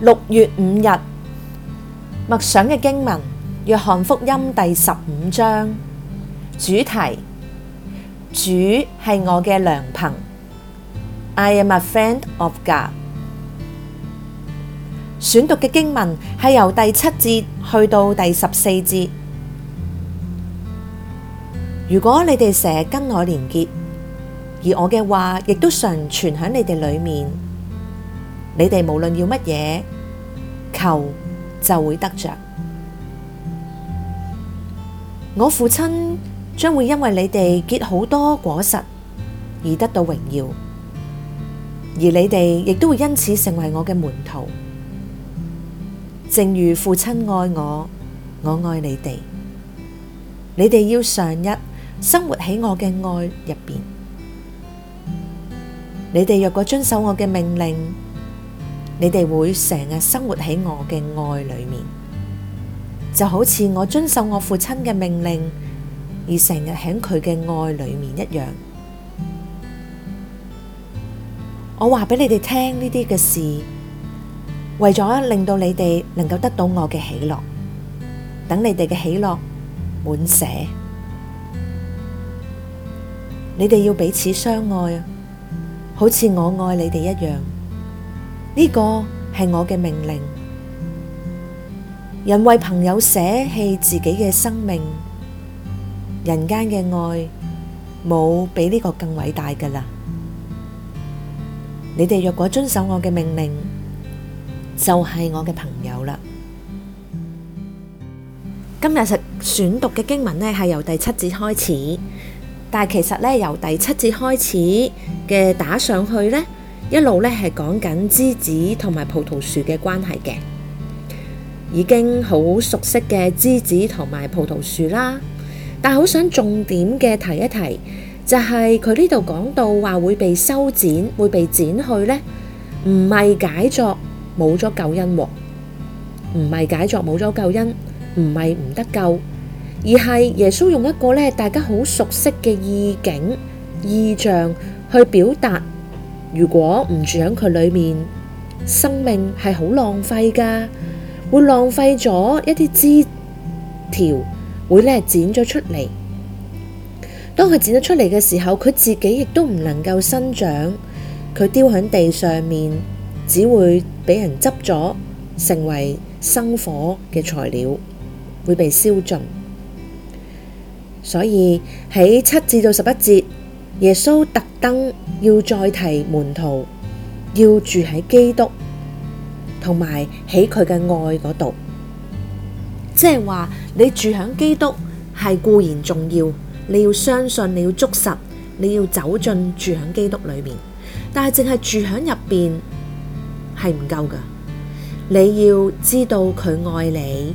六月五日，默想嘅經文：約翰福音第十五章，主題：主係我嘅良朋。I am a friend of God。選讀嘅經文係由第七節去到第十四節。如果你哋成日跟我連結，而我嘅話亦都常存喺你哋裏面。你哋無論要乜嘢，求就會得着。我父親將會因為你哋結好多果實而得到榮耀，而你哋亦都會因此成為我嘅門徒。正如父親愛我，我愛你哋。你哋要常日生活喺我嘅愛入邊。你哋若果遵守我嘅命令，你哋會成日生活喺我嘅愛裏面，就好似我遵守我父親嘅命令而成日喺佢嘅愛裏面一樣。我話畀你哋聽呢啲嘅事，為咗令到你哋能夠得到我嘅喜樂，等你哋嘅喜樂滿瀉。你哋要彼此相愛，好似我愛你哋一樣。呢個係我嘅命令，人為朋友捨棄自己嘅生命，人間嘅愛冇比呢個更偉大噶啦。你哋若果遵守我嘅命令，就係我嘅朋友啦。今日實選讀嘅經文呢，係由第七節開始，但係其實呢由第七節開始嘅打上去呢。一路咧係講緊枝子同埋葡萄樹嘅關係嘅，已經好熟悉嘅枝子同埋葡萄樹啦。但好想重點嘅提一提，就係佢呢度講到話會被修剪，會被剪去呢，唔係解作冇咗救恩，唔係解作冇咗救恩，唔係唔得救，而係耶穌用一個呢大家好熟悉嘅意境意象去表達。如果唔住喺佢裏面，生命係好浪費噶，會浪費咗一啲枝條，會呢剪咗出嚟。當佢剪咗出嚟嘅時候，佢自己亦都唔能夠生長，佢丟喺地上面，只會俾人執咗，成為生火嘅材料，會被燒盡。所以喺七至到十一節。耶穌特登要再提門徒要住喺基督，同埋喺佢嘅愛嗰度，即係話你住喺基督係固然重要，你要相信，你要捉實，你要走進住喺基督裏面，但係淨係住喺入邊係唔夠㗎，你要知道佢愛你。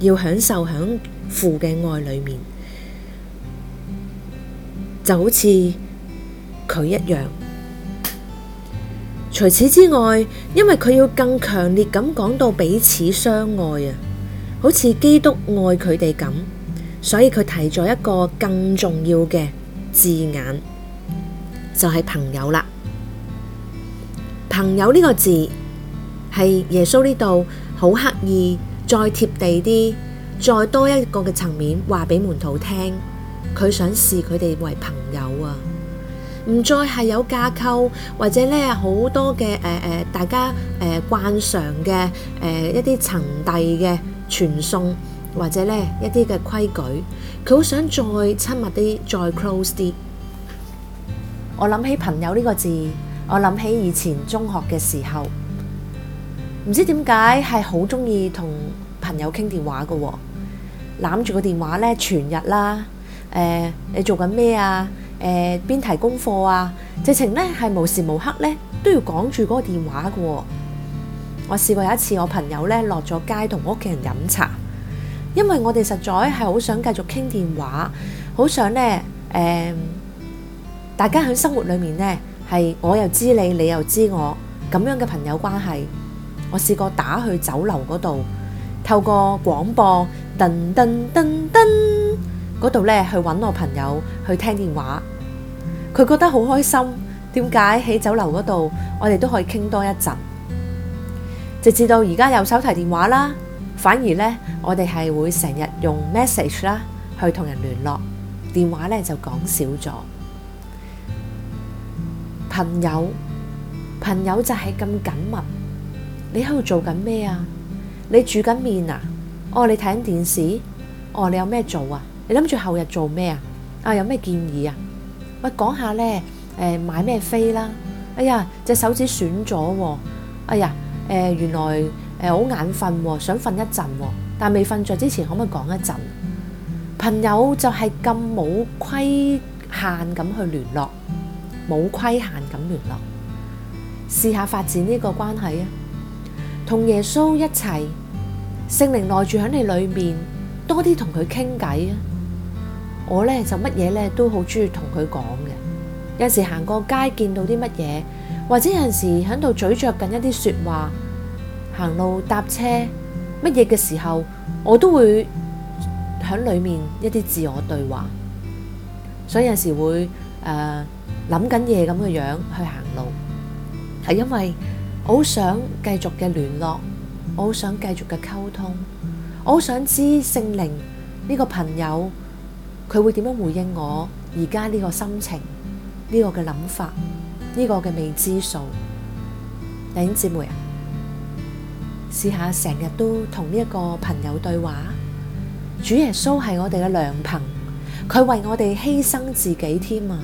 要享受喺父嘅愛裏面，就好似佢一樣。除此之外，因為佢要更強烈咁講到彼此相愛啊，好似基督愛佢哋咁，所以佢提咗一個更重要嘅字眼，就係朋友啦。朋友呢個字係耶穌呢度好刻意。再貼地啲，再多一個嘅層面話俾門徒聽，佢想視佢哋為朋友啊！唔再係有架構，或者呢好多嘅誒誒，大家誒慣、呃、常嘅誒、呃、一啲層遞嘅傳送，或者呢一啲嘅規矩，佢好想再親密啲，再 close 啲。我諗起朋友呢個字，我諗起以前中學嘅時候。唔知點解係好中意同朋友傾電話嘅喎、哦，攬住個電話咧，全日啦、啊。誒、呃，你做緊咩啊？誒、呃，邊題功課啊？直情咧係無時無刻咧都要講住嗰個電話嘅、哦。我試過有一次，我朋友咧落咗街同屋企人飲茶，因為我哋實在係好想繼續傾電話，好想咧誒、呃，大家喺生活裡面咧係我又知你，你又知我咁樣嘅朋友關係。我試過打去酒樓嗰度，透過廣播噔噔噔噔嗰度呢，去搵我朋友去聽電話，佢覺得好開心。點解喺酒樓嗰度，我哋都可以傾多一陣？直至到而家有手提電話啦，反而呢，我哋係會成日用 message 啦去同人聯絡，電話呢，就講少咗。朋友，朋友就係咁緊密。你喺度做緊咩啊？你煮緊麵啊？哦，你睇緊電視？哦，你有咩做啊？你諗住後日做咩啊？啊，有咩建議啊？喂，講下呢，誒、呃，買咩飛啦？哎呀，隻手指損咗喎、哦。哎呀，誒、呃，原來誒好眼瞓，想瞓一陣、哦，但未瞓着之前可唔可以講一陣？朋友就係咁冇規限咁去聯絡，冇規限咁聯絡，試下發展呢個關係啊！同耶穌一齊，聖靈內住喺你裏面，多啲同佢傾偈啊！我呢就乜嘢呢都好中意同佢講嘅。有陣時行過街見到啲乜嘢，或者有陣時喺度咀嚼緊一啲說話，行路搭車乜嘢嘅時候，我都會喺裏面一啲自我對話。所以有陣時會誒諗緊嘢咁嘅樣去行路，係因為。好想繼續嘅聯絡，我好想繼續嘅溝通，我好想知聖靈呢個朋友佢會點樣回應我而家呢個心情呢個嘅諗法呢個嘅未知數。林姐妹啊，試下成日都同呢一個朋友對話。主耶穌係我哋嘅良朋，佢為我哋犧牲自己添啊！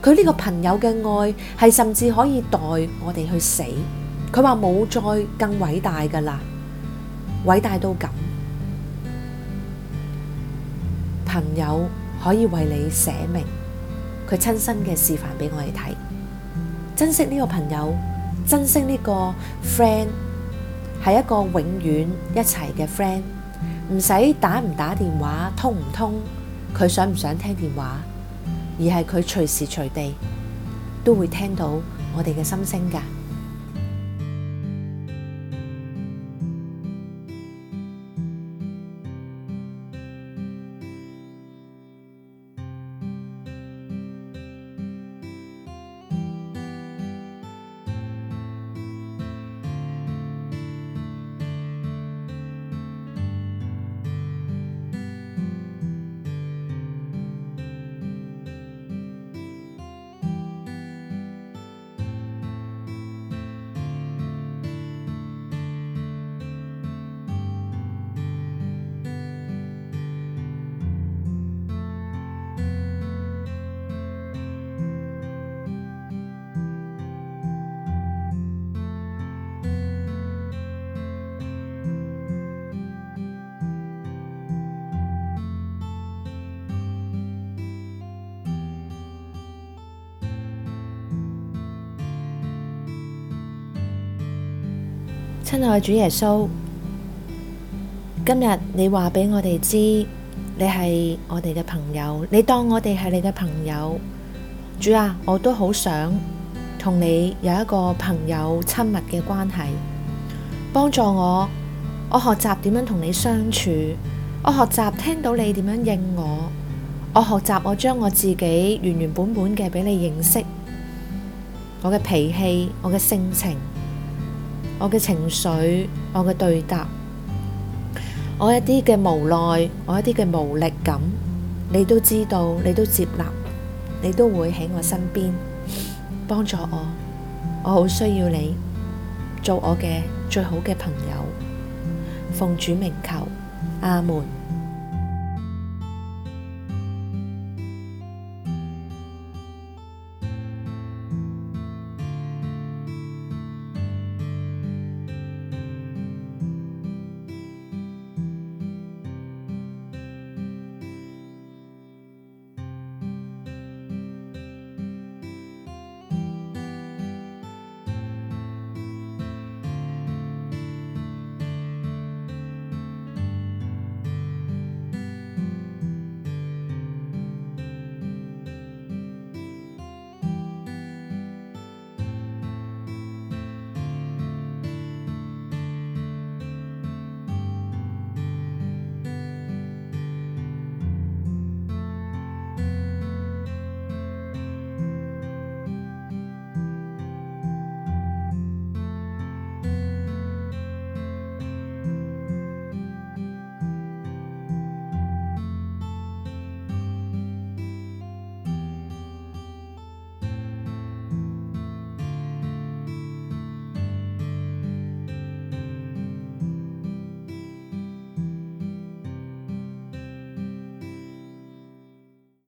佢呢個朋友嘅愛係甚至可以代我哋去死。佢話冇再更偉大噶啦，偉大到咁。朋友可以為你捨命，佢親身嘅示範畀我哋睇。珍惜呢個朋友，珍惜呢個 friend，係一個永遠一齊嘅 friend。唔使打唔打電話，通唔通，佢想唔想聽電話，而係佢隨時隨地都會聽到我哋嘅心聲噶。親愛主耶穌，今日你話俾我哋知，你係我哋嘅朋友，你當我哋係你嘅朋友。主啊，我都好想同你有一個朋友親密嘅關係，幫助我，我學習點樣同你相處，我學習聽到你點樣應我，我學習我將我自己原原本本嘅俾你認識，我嘅脾氣，我嘅性情。我嘅情緒，我嘅對答，我一啲嘅無奈，我一啲嘅無力感，你都知道，你都接納，你都會喺我身邊幫助我，我好需要你做我嘅最好嘅朋友，奉主名求，阿門。